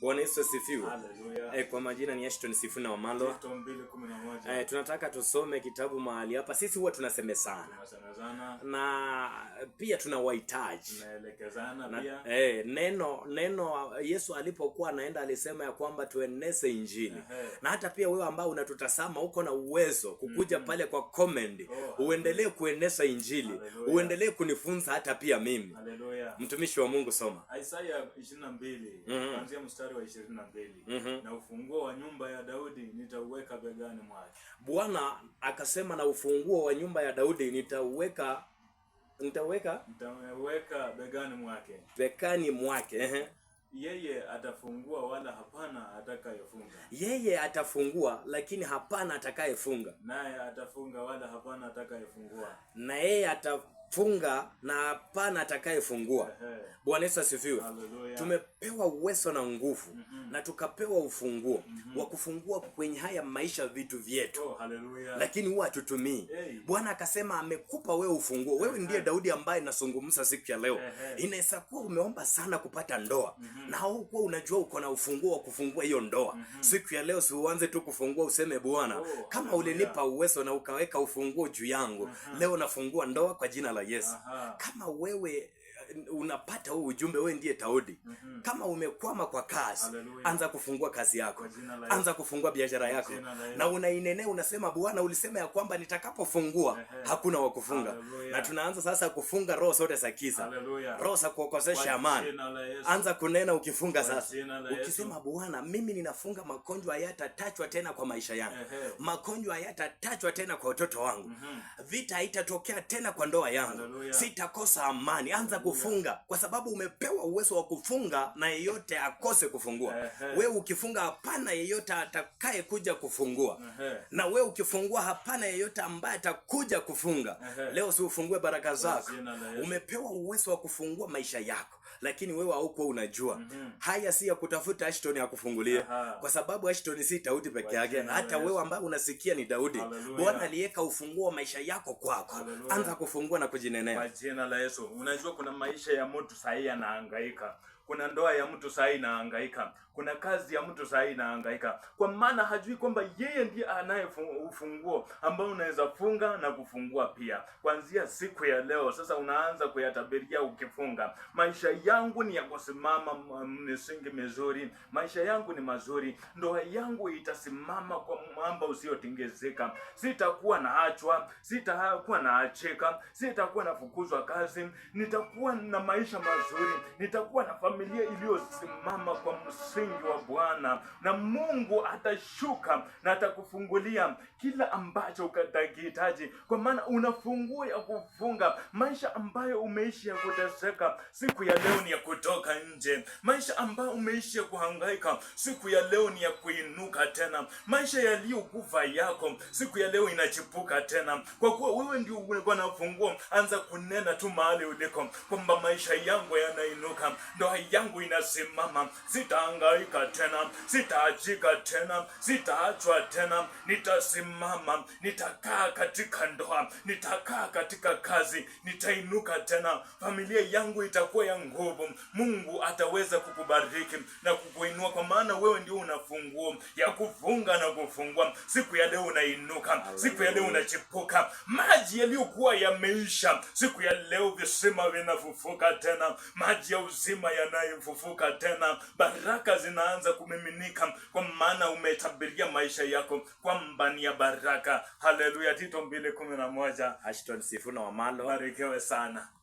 Bwana Yesu asifiwe. E, kwa majina ni Ashton Sifuna wa E, eh, tunataka tusome kitabu mahali hapa. Sisi huwa tunaseme sana na pia tuna wahitaji e, eh, neno neno Yesu alipokuwa anaenda alisema ya kwamba tueneze Injili na hata pia wewe ambao unatutazama uko na uwezo kukuja mm -hmm. pale kwa comment oh, uendelee kueneza Injili, uendelee kunifunza hata pia mimi mtumishi wa Mungu soma Isaya 22 mhm. kuanzia mstari wa 22. mm -hmm. na ufunguo wa nyumba ya Daudi nitauweka begani mwake. Bwana akasema, na ufunguo wa nyumba ya Daudi nitauweka nitauweka nitauweka begani mwake, begani mwake ehe yeye atafungua wala hapana atakayefunga. Yeye atafungua lakini hapana atakayefunga. Naye atafunga wala hapana atakayefungua. Na yeye ata funga na hapana atakayefungua. Bwana Yesu asifiwe. Tumepewa uwezo na nguvu mm -hmm. na tukapewa ufunguo mm -hmm. wa kufungua kwenye haya maisha vitu vyetu oh, lakini huwa hatutumii hey. Bwana akasema amekupa wewe ufunguo. Wewe ndiye Daudi ambaye nasungumza siku ya leo. Inaweza kuwa umeomba sana kupata ndoa mm -hmm. na haukuwa unajua uko na ufunguo wa kufungua hiyo ndoa mm -hmm. siku ya leo siuanze tu kufungua useme Bwana oh, kama ulinipa uwezo na ukaweka ufunguo juu yangu mm -hmm. leo nafungua ndoa kwa jina la yes Aha. Uh-huh. kama wewe unapata huu ujumbe, wewe ndiye Daudi. mm -hmm. Kama umekwama kwa kazi, Alleluia. Anza kufungua kazi yako, anza kufungua biashara yako, na unainenea unasema, Bwana ulisema ya kwamba nitakapofungua hakuna wa kufunga. Na tunaanza sasa kufunga roho zote za kiza, roho za kuokosesha amani. Anza kunena ukifunga sasa, ukisema, Bwana mimi ninafunga, magonjwa hayatatachwa tena kwa maisha yangu, magonjwa hayatatachwa tena kwa watoto wangu, mm-hmm. vita haitatokea tena kwa ndoa yangu, sitakosa amani. Anza kufunga kufunga kwa sababu umepewa uwezo wa kufunga na yeyote akose kufungua. wee ukifunga hapana yeyote atakaye kuja kufungua. Na we ukifungua hapana yeyote ambaye atakuja kufunga. Leo si ufungue baraka zako. Umepewa uwezo wa kufungua maisha yako lakini wewe haukuwa unajua. mm -hmm. Haya si ya kutafuta Ashton ya kufungulia Aha. Kwa sababu Ashton si Daudi peke yake, hata wewe ambaye unasikia ni Daudi. Bwana aliweka ufunguo wa maisha yako kwako, anza kufungua na kujinenea kwa jina la Yesu. Unajua kuna maisha ya mtu sahihi anahangaika kuna ndoa ya mtu saa hii inahangaika, kuna kazi ya mtu saa hii inahangaika, kwa maana hajui kwamba yeye ndiye anaye ufunguo ambao unaweza funga na kufungua pia. Kuanzia siku ya leo sasa, unaanza kuyatabiria ukifunga, maisha yangu ni ya kusimama mm, misingi mizuri, maisha yangu ni mazuri, ndoa yangu itasimama kwa mwamba usiotingizika, sitakuwa na achwa, sitakuwa na achika, sitakuwa nafukuzwa kazi, nitakuwa na maisha mazuri, nitakuwa na familia familia iliyosimama kwa msingi wa Bwana, na Mungu atashuka na atakufungulia kila ambacho utakihitaji, kwa maana una funguo ya kufunga. Maisha ambayo umeishi ya kuteseka, siku ya leo ni ya kutoka nje. Maisha ambayo umeishi ya kuhangaika, siku ya leo ni ya kuinuka tena. Maisha yaliyokufa yako, siku ya leo inachipuka tena, kwa kuwa wewe ndio ulikuwa na funguo. Anza kunena tu mahali uliko kwamba maisha yangu yanainuka, ndoa yangu inasimama, sitaangaika tena, sitaachika tena, sitaachwa tena, nitasimama, nitakaa katika ndoa, nitakaa katika kazi, nitainuka tena, familia yangu itakuwa ya nguvu. Mungu ataweza kukubariki na kukuinua, kwa maana wewe ndio una funguo ya kufunga na kufungua. Siku ya leo unainuka, siku ya leo unachipuka. Maji yaliyokuwa yameisha, siku ya leo visima vinafufuka tena, maji ya uzima yana anayemfufuka tena. Baraka zinaanza kumiminika, kwa maana umetabiria maisha yako kwamba ni ya baraka. Haleluya! Tito mbili kumi na moja. Ashton Sifuna Wamalo, barikiwe sana.